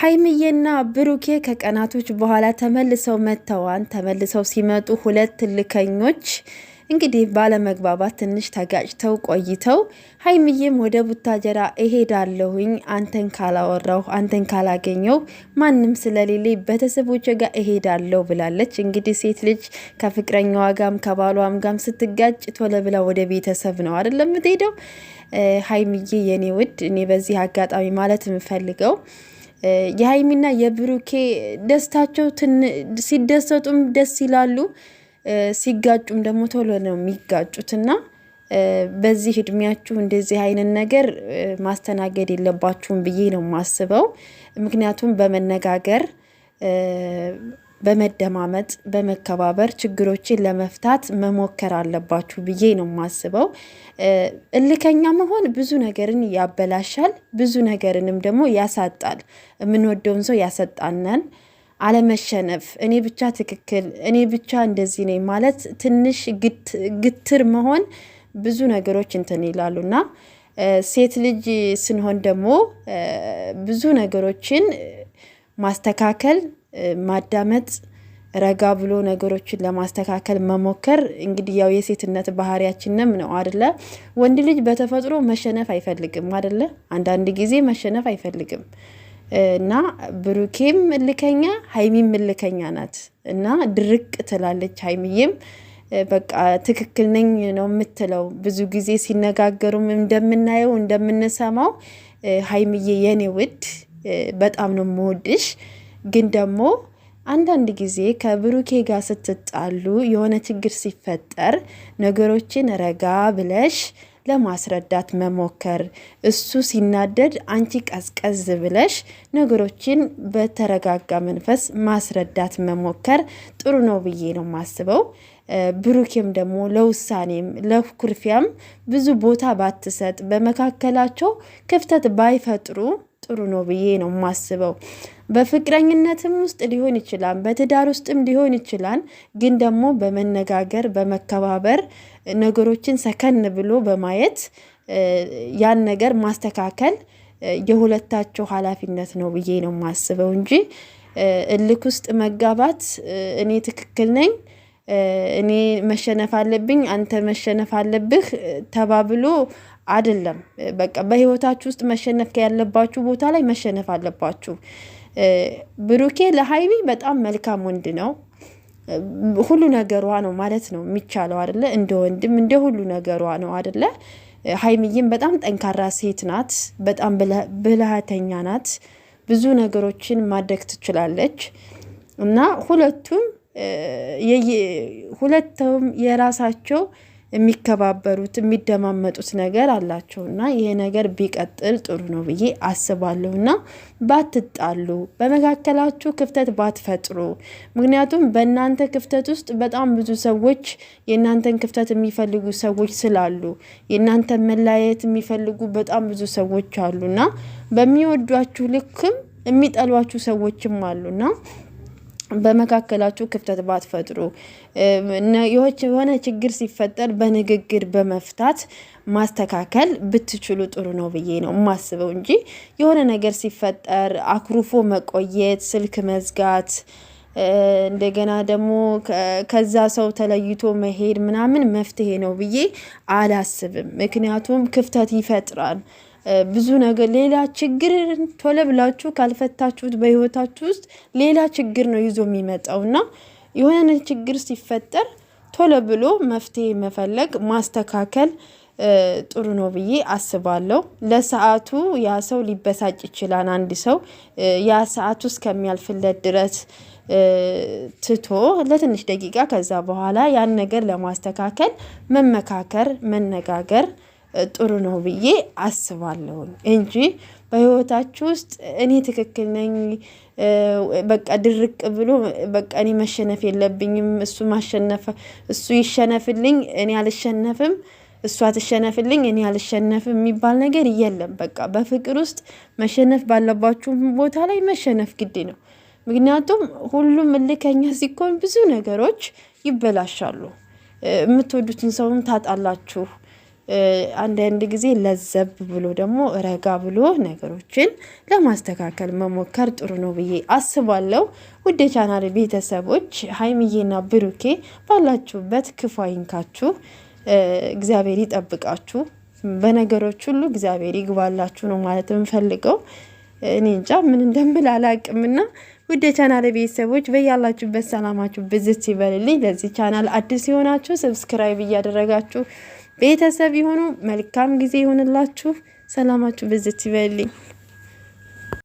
ሀይምዬና ብሩኬ ከቀናቶች በኋላ ተመልሰው መጥተዋን ተመልሰው ሲመጡ ሁለት ትልከኞች እንግዲህ ባለመግባባት ትንሽ ተጋጭተው ቆይተው ሀይምዬም ወደ ቡታጀራ እሄዳለሁኝ አንተን ካላወራሁ አንተን ካላገኘው ማንም ስለሌሌ ቤተሰቦች ጋር እሄዳለሁ ብላለች። እንግዲህ ሴት ልጅ ከፍቅረኛዋ ጋም ከባሏም ጋም ስትጋጭ ቶሎ ብላ ወደ ቤተሰብ ነው አይደለም የምትሄደው። ሀይምዬ የኔ ውድ እኔ በዚህ አጋጣሚ ማለት የምፈልገው የሀይሚና የብሩኬ ደስታቸው ሲደሰቱም ደስ ይላሉ፣ ሲጋጩም ደግሞ ቶሎ ነው የሚጋጩት እና በዚህ እድሜያችሁ እንደዚህ አይነት ነገር ማስተናገድ የለባችሁም ብዬ ነው የማስበው። ምክንያቱም በመነጋገር በመደማመጥ በመከባበር ችግሮችን ለመፍታት መሞከር አለባችሁ ብዬ ነው የማስበው። እልከኛ መሆን ብዙ ነገርን ያበላሻል፣ ብዙ ነገርንም ደግሞ ያሳጣል። የምንወደውን ሰው ያሰጣነን አለመሸነፍ፣ እኔ ብቻ ትክክል፣ እኔ ብቻ እንደዚህ ነኝ ማለት ትንሽ ግትር መሆን ብዙ ነገሮች እንትን ይላሉና ሴት ልጅ ስንሆን ደግሞ ብዙ ነገሮችን ማስተካከል ማዳመጥ፣ ረጋ ብሎ ነገሮችን ለማስተካከል መሞከር እንግዲህ ያው የሴትነት ባህሪያችንም ነው አደለ? ወንድ ልጅ በተፈጥሮ መሸነፍ አይፈልግም አደለ? አንዳንድ ጊዜ መሸነፍ አይፈልግም እና ብሩኬም እልከኛ ሀይሚም እልከኛ ናት እና ድርቅ ትላለች ሀይሚዬም በቃ ትክክል ነኝ ነው የምትለው። ብዙ ጊዜ ሲነጋገሩም እንደምናየው እንደምንሰማው ሀይሚዬ የኔ ውድ በጣም ነው የምወድሽ ግን ደግሞ አንዳንድ ጊዜ ከብሩኬ ጋር ስትጣሉ የሆነ ችግር ሲፈጠር ነገሮችን ረጋ ብለሽ ለማስረዳት መሞከር፣ እሱ ሲናደድ አንቺ ቀዝቀዝ ብለሽ ነገሮችን በተረጋጋ መንፈስ ማስረዳት መሞከር ጥሩ ነው ብዬ ነው የማስበው። ብሩኬም ደግሞ ለውሳኔም ለኩርፊያም ብዙ ቦታ ባትሰጥ፣ በመካከላቸው ክፍተት ባይፈጥሩ ጥሩ ነው ብዬ ነው የማስበው። በፍቅረኝነትም ውስጥ ሊሆን ይችላል፣ በትዳር ውስጥም ሊሆን ይችላል። ግን ደግሞ በመነጋገር በመከባበር ነገሮችን ሰከን ብሎ በማየት ያን ነገር ማስተካከል የሁለታቸው ኃላፊነት ነው ብዬ ነው የማስበው እንጂ እልክ ውስጥ መጋባት እኔ ትክክል ነኝ እኔ መሸነፍ አለብኝ አንተ መሸነፍ አለብህ ተባብሎ አይደለም። በቃ በህይወታችሁ ውስጥ መሸነፍ ያለባችሁ ቦታ ላይ መሸነፍ አለባችሁ። ብሩኬ ለሀይሚ በጣም መልካም ወንድ ነው። ሁሉ ነገሯ ነው ማለት ነው የሚቻለው አደለ? እንደ ወንድም እንደ ሁሉ ነገሯ ነው አደለ? ሀይሚዬም በጣም ጠንካራ ሴት ናት። በጣም ብልሃተኛ ናት። ብዙ ነገሮችን ማድረግ ትችላለች እና ሁለቱም ሁለቱም የራሳቸው የሚከባበሩት የሚደማመጡት ነገር አላቸው እና ይሄ ነገር ቢቀጥል ጥሩ ነው ብዬ አስባለሁ። እና ባትጣሉ፣ በመካከላችሁ ክፍተት ባትፈጥሩ። ምክንያቱም በእናንተ ክፍተት ውስጥ በጣም ብዙ ሰዎች የእናንተን ክፍተት የሚፈልጉ ሰዎች ስላሉ የእናንተ መለያየት የሚፈልጉ በጣም ብዙ ሰዎች አሉና በሚወዷችሁ ልክም የሚጠሏችሁ ሰዎችም አሉና በመካከላችሁ ክፍተት ባትፈጥሩ የሆነ ችግር ሲፈጠር በንግግር በመፍታት ማስተካከል ብትችሉ ጥሩ ነው ብዬ ነው የማስበው እንጂ የሆነ ነገር ሲፈጠር አኩርፎ መቆየት፣ ስልክ መዝጋት እንደገና ደግሞ ከዛ ሰው ተለይቶ መሄድ ምናምን መፍትሄ ነው ብዬ አላስብም። ምክንያቱም ክፍተት ይፈጥራል። ብዙ ነገር ሌላ ችግር ቶሎ ብላችሁ ካልፈታችሁት በህይወታችሁ ውስጥ ሌላ ችግር ነው ይዞ የሚመጣው እና የሆነ ችግር ሲፈጠር ቶሎ ብሎ መፍትሄ መፈለግ ማስተካከል ጥሩ ነው ብዬ አስባለሁ። ለሰዓቱ ያ ሰው ሊበሳጭ ይችላል። አንድ ሰው ያ ሰዓቱ እስከሚያልፍለት ድረስ ትቶ ለትንሽ ደቂቃ ከዛ በኋላ ያን ነገር ለማስተካከል መመካከር፣ መነጋገር ጥሩ ነው ብዬ አስባለሁኝ እንጂ በህይወታችሁ ውስጥ እኔ ትክክል ነኝ በቃ ድርቅ ብሎ በቃ እኔ መሸነፍ የለብኝም እሱ ማሸነፈ እሱ ይሸነፍልኝ እኔ አልሸነፍም እሷ ትሸነፍልኝ እኔ አልሸነፍም የሚባል ነገር የለም። በቃ በፍቅር ውስጥ መሸነፍ ባለባችሁም ቦታ ላይ መሸነፍ ግድ ነው። ምክንያቱም ሁሉም እልከኛ ሲኮን ብዙ ነገሮች ይበላሻሉ። የምትወዱትን ሰውም ታጣላችሁ። አንዳንድ ጊዜ ለዘብ ብሎ ደግሞ ረጋ ብሎ ነገሮችን ለማስተካከል መሞከር ጥሩ ነው ብዬ አስባለሁ። ውድ ቻናል ቤተሰቦች ሀይሚዬና ብሩኬ ባላችሁበት ክፉ አይንካችሁ፣ እግዚአብሔር ይጠብቃችሁ። በነገሮች ሁሉ እግዚአብሔር ይግባላችሁ ነው ማለት የምፈልገው። እኔ እንጃ ምን እንደምል አላቅምና ውድ ቻናል ቤተሰቦች በያላችሁበት ሰላማችሁ ብዝት ይበልልኝ። ለዚህ ቻናል አዲስ የሆናችሁ ሰብስክራይብ እያደረጋችሁ ቤተሰብ የሆኑ መልካም ጊዜ ይሆንላችሁ። ሰላማችሁ ብዝት ይበልኝ።